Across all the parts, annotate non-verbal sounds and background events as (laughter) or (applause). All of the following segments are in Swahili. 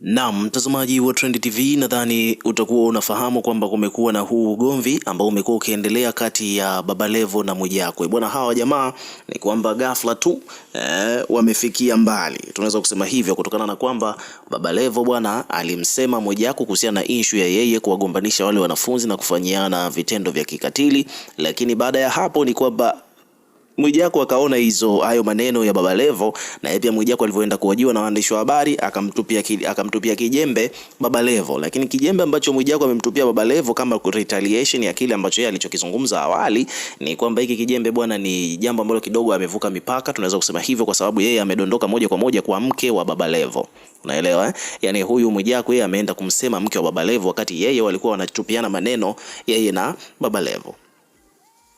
Naam, mtazamaji wa Trend TV, nadhani utakuwa unafahamu kwamba kumekuwa na huu ugomvi ambao umekuwa ukiendelea kati ya Baba Levo na Mwijaku. Bwana, hawa jamaa ni kwamba ghafla tu e, wamefikia mbali, tunaweza kusema hivyo kutokana na kwamba Baba Levo bwana alimsema Mwijaku kuhusiana na issue ya yeye kuwagombanisha wale wanafunzi na kufanyiana vitendo vya kikatili, lakini baada ya hapo ni kwamba Mwijaku akaona hizo hayo maneno ya Baba Levo, na yeye pia Mwijaku alivyoenda kuhojiwa na waandishi wa habari akamtupia akamtupia kijembe Baba Levo, lakini kijembe ambacho Mwijaku amemtupia Baba Levo kama retaliation ya kile ambacho yeye alichokizungumza awali ni kwamba hiki kijembe bwana, ni jambo ambalo kidogo amevuka mipaka, tunaweza kusema hivyo, kwa sababu yeye amedondoka moja kwa moja kwa mke wa Baba Levo. Unaelewa eh? Yani huyu Mwijaku yeye ameenda kumsema mke wa Baba Levo, wakati yeye walikuwa wanatupiana maneno yeye na Baba Levo.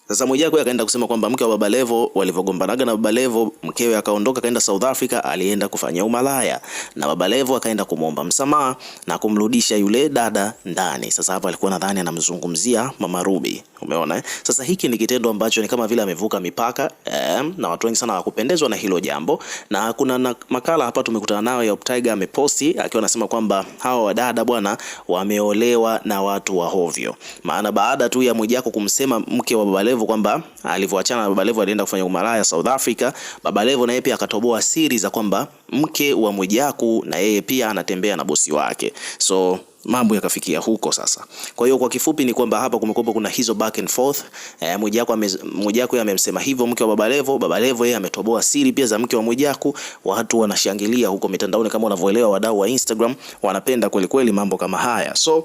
Sasa Mwijaku akaenda kusema kwamba mke wa Baba Levo walivyogombanaga na Baba Levo, mkewe akaondoka akaenda South Africa, alienda kufanya umalaya na Baba Levo akaenda kumwomba msamaha na kumrudisha yule dada ndani. Sasa hapo alikuwa nadhani anamzungumzia Mama Ruby, umeona eh? Sasa hiki ni kitendo ambacho ni kama vile amevuka mipaka eh, na watu wengi sana hawakupendezwa na hilo jambo, na kuna na makala hapa tumekutana nayo ya Optiger ameposti akiwa anasema kwamba hawa wadada bwana wameolewa na watu wa hovyo, maana baada tu ya Mwijaku kumsema mke wa Baba Levo Levo kwamba alivyoachana na Baba Levo alienda kufanya umalaya South Africa. Baba Levo naye pia akatoboa siri za kwamba mke wa Mwijaku na yeye pia anatembea na bosi wake, so mambo yakafikia huko sasa. Kwa hiyo kwa kifupi ni kwamba hapa kumekuwa kuna hizo back and forth. E, Mwijaku Mwijaku yeye amemsema hivyo mke wa Baba Levo, Baba Levo yeye ametoboa siri pia za mke wa Mwijaku. Watu wanashangilia huko mitandaoni, kama unavyoelewa wadau wa Instagram wanapenda kweli kweli mambo kama haya so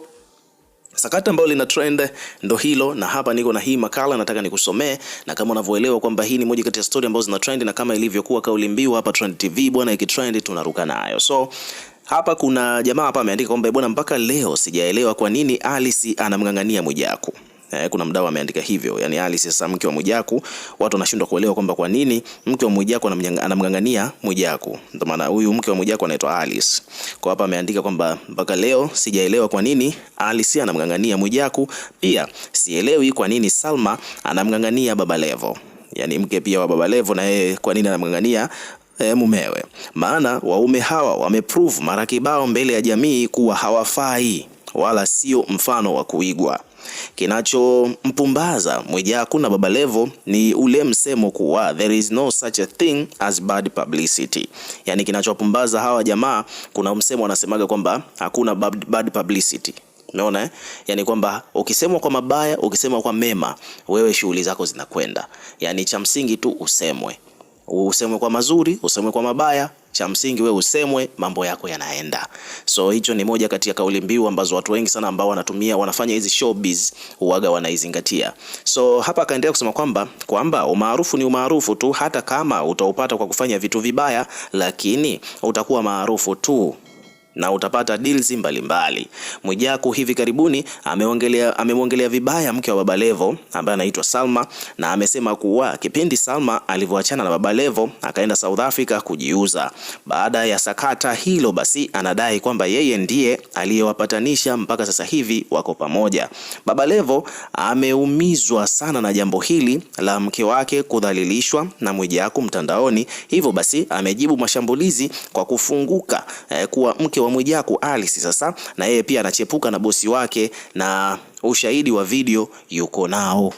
Sakata ambayo lina trend ndo hilo, na hapa niko na hii makala nataka nikusomee, na kama unavyoelewa kwamba hii ni moja kati ya story ambazo zina trend, na kama ilivyokuwa kauli mbiu hapa Trend TV bwana, ikitrend tunaruka nayo. So hapa kuna jamaa hapa ameandika kwamba bwana, mpaka leo sijaelewa kwa nini Alice anamng'ang'ania Mwijaku. Eh, kuna mdau ameandika hivyo, yani Ali sasa mke wa Mwijaku, watu wanashindwa kuelewa kwamba kwa nini mke wa Mwijaku anamng'ang'ania Mwijaku. Ndio maana huyu mke wa Mwijaku anaitwa Alice. Kwa hapa ameandika kwamba mpaka leo sijaelewa kwa nini Alice anamng'ang'ania Mwijaku, pia sielewi kwa nini Salma anamng'ang'ania Baba Levo, yani mke pia wa Baba Levo na yeye kwa nini anamng'ang'ania E, mumewe. Maana waume hawa wameprove mara kibao mbele ya jamii kuwa hawafai wala sio mfano wa kuigwa. Kinachompumbaza Mwijaku na levo ni ule msemo kuwa there is no such a thing as bad publicity, yani kinachopumbaza hawa jamaa, kuna msemo wanasemaga kwamba hakuna bad publicity. Umeona eh? Yaani kwamba ukisemwa kwa mabaya, ukisemwa kwa mema, wewe shughuli zako zinakwenda. Yaani cha msingi tu usemwe usemwe kwa mazuri, usemwe kwa mabaya, cha msingi we usemwe, mambo yako yanaenda. So hicho ni moja kati ya kauli mbiu ambazo watu wengi sana ambao wanatumia wanafanya hizi showbiz huaga wanaizingatia. So hapa akaendelea kusema kwamba kwamba umaarufu ni umaarufu tu, hata kama utaupata kwa kufanya vitu vibaya, lakini utakuwa maarufu tu na utapata deals mbalimbali. Mwijaku hivi karibuni ameongelea amemwongelea vibaya mke wa Baba Levo ambaye anaitwa Salma, na amesema kuwa kipindi Salma alivyoachana na Baba Levo akaenda South Africa kujiuza. Baada ya sakata hilo, basi anadai kwamba yeye ndiye aliyewapatanisha mpaka sasa hivi wako pamoja. Baba Levo ameumizwa sana na jambo hili la mke wake kudhalilishwa na Mwijaku mtandaoni, hivyo basi amejibu mashambulizi kwa kufunguka eh, kuwa mke wa Mwijaku Alice sasa na yeye pia anachepuka na bosi wake na ushahidi wa video yuko nao.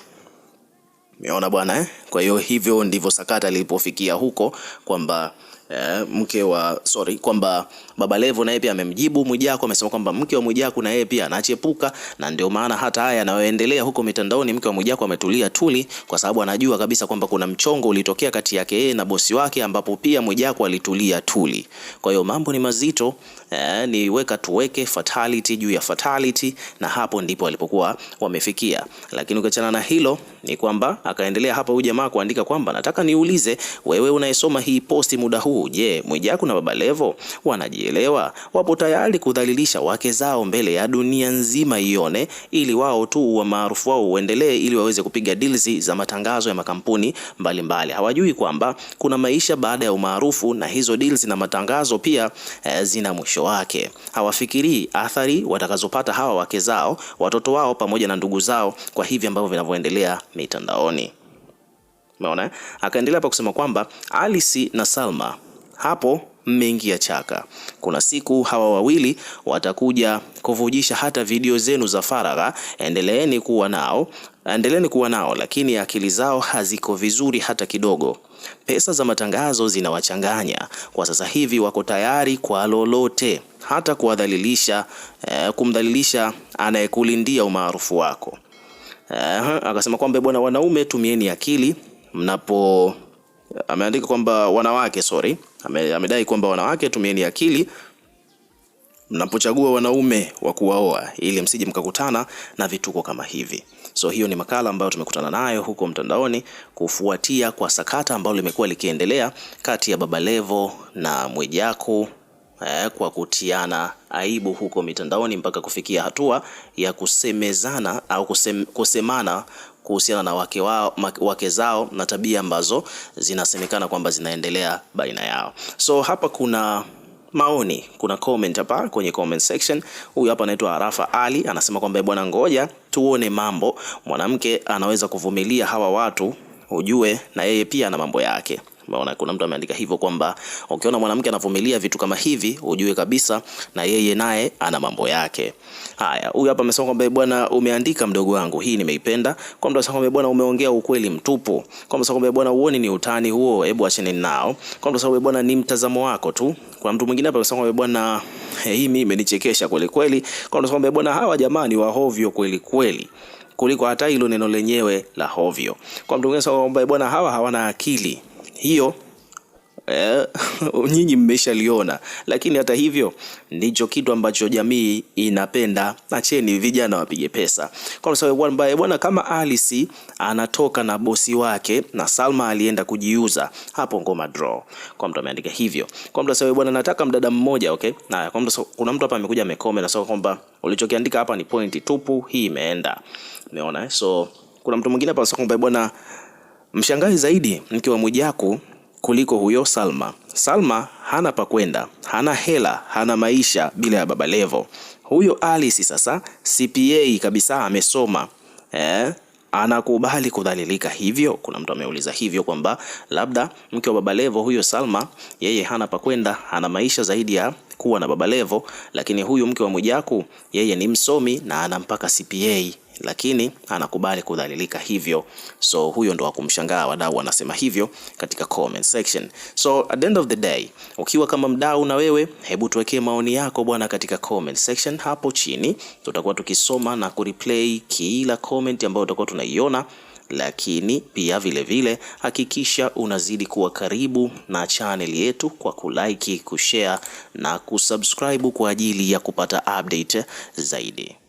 Umeona bwana eh? Kwa hiyo hivyo ndivyo sakata lilipofikia huko kwamba eh, mke wa sorry kwamba Baba Levo naye pia amemjibu Mwijaku, amesema kwamba mke wa Mwijaku na yeye pia anachepuka, na ndio maana hata haya yanayoendelea huko mitandaoni, mke wa Mwijaku ametulia tuli, kwa sababu anajua kabisa kwamba kuna mchongo ulitokea kati yake yeye na bosi wake, ambapo pia Mwijaku alitulia tuli. Kwa hiyo mambo ni mazito eh, ni weka tuweke fatality juu ya fatality, na hapo ndipo walipokuwa wamefikia. Lakini ukiachana na hilo, ni kwamba akaendelea hapa huyu jamaa kuandika kwamba nataka niulize wewe unayesoma hii posti muda huu, je, Mwijaku na Baba Levo wanaje kujielewa, wapo tayari kudhalilisha wake zao mbele ya dunia nzima ione, ili wao tu wa maarufu wao uendelee, ili waweze kupiga deals za matangazo ya makampuni mbalimbali mbali. Hawajui kwamba kuna maisha baada ya umaarufu, na hizo deals na matangazo pia eh, zina mwisho wake. Hawafikirii athari watakazopata hawa wake zao, watoto wao, pamoja na ndugu zao kwa hivi ambavyo vinavyoendelea mitandaoni. Umeona, akaendelea hapa kusema kwamba Alice na Salma hapo ya chaka. Kuna siku hawa wawili watakuja kuvujisha hata video zenu za faragha. Endeleeni kuwa nao, endeleeni kuwa nao, lakini akili zao haziko vizuri hata kidogo. Pesa za matangazo zinawachanganya kwa sasa hivi, wako tayari kwa lolote, hata kuwadhalilisha, eh, kumdhalilisha anayekulindia umaarufu wako. Eh, akasema kwamba bwana, wanaume tumieni akili mnapo ameandika kwamba wanawake, sorry, amedai kwamba wanawake, tumieni akili mnapochagua wanaume wa kuwaoa ili msije mkakutana na vituko kama hivi. So hiyo ni makala ambayo tumekutana nayo huko mtandaoni kufuatia kwa sakata ambalo limekuwa likiendelea kati ya Baba Levo na Mwijaku eh, kwa kutiana aibu huko mitandaoni mpaka kufikia hatua ya kusemezana au kusem, kusemana kuhusiana na wake wao, wake zao na tabia ambazo zinasemekana kwamba zinaendelea baina yao. So hapa kuna maoni, kuna comment hapa kwenye comment section. Huyu hapa anaitwa Arafa Ali anasema kwamba bwana, ngoja tuone mambo, mwanamke anaweza kuvumilia hawa watu, ujue na yeye pia ana mambo yake. Maana kuna mtu ameandika hivyo kwamba ukiona mwanamke anavumilia vitu kama hivi ujue kabisa na yeye naye ana mambo yake. Haya, huyu hapa amesema kwamba eh, bwana, umeandika mdogo wangu, hii nimeipenda. Kwa mtu asema kwamba eh, bwana, umeongea ukweli mtupu. Kwa mtu asema kwamba eh, bwana, uone ni utani huo, hebu acheni nao. Kwa mtu asema kwamba bwana, ni mtazamo wako tu. Kwa mtu mwingine hapa amesema kwamba bwana, hii mimi imenichekesha kweli kweli. Kwa mtu asema kwamba bwana, hawa jamani wa hovyo kweli kweli kuliko hata hilo neno lenyewe la hovyo. Kwa mtu mwingine asema kwamba bwana, hawa hawana akili hiyo Uh, (laughs) nyinyi mmeshaliona, lakini hata hivyo ndicho kitu ambacho jamii inapenda. Acheni vijana wapige pesa, kwa sababu eh, bwana, kama Alice anatoka na bosi wake na Salma alienda kujiuza hapo, ngoma draw. Kwa mtu ameandika hivyo, kwa mtu sababu bwana, nataka mdada mmoja okay. Na kwa mtu, kuna mtu hapa amekuja amekome na sasa kwamba ulichokiandika hapa ni pointi tupu, hii imeenda. Umeona, eh? so kuna mtu mwingine hapa sasa kwamba bwana Mshangae zaidi mke wa Mwijaku kuliko huyo Salma. Salma hana pa kwenda, hana hela, hana maisha bila ya Baba Levo. Huyo Alice sasa CPA kabisa, amesoma eh, anakubali kudhalilika hivyo? Kuna mtu ameuliza hivyo kwamba labda mke wa Baba Levo huyo Salma, yeye hana pa kwenda, hana maisha zaidi ya kuwa na Baba Levo, lakini huyu mke wa Mwijaku yeye ni msomi na ana mpaka CPA lakini anakubali kudhalilika hivyo. So huyo ndo wakumshangaa, wadau wanasema hivyo katika comment section. So at the end of the day, ukiwa kama mdau na wewe, hebu tuwekee maoni yako bwana katika comment section hapo chini. Tutakuwa tukisoma na kureplay kila comment ambayo utakuwa tunaiona lakini pia vilevile vile, hakikisha unazidi kuwa karibu na channel yetu kwa kulike, kushare na kusubscribe kwa ajili ya kupata update zaidi.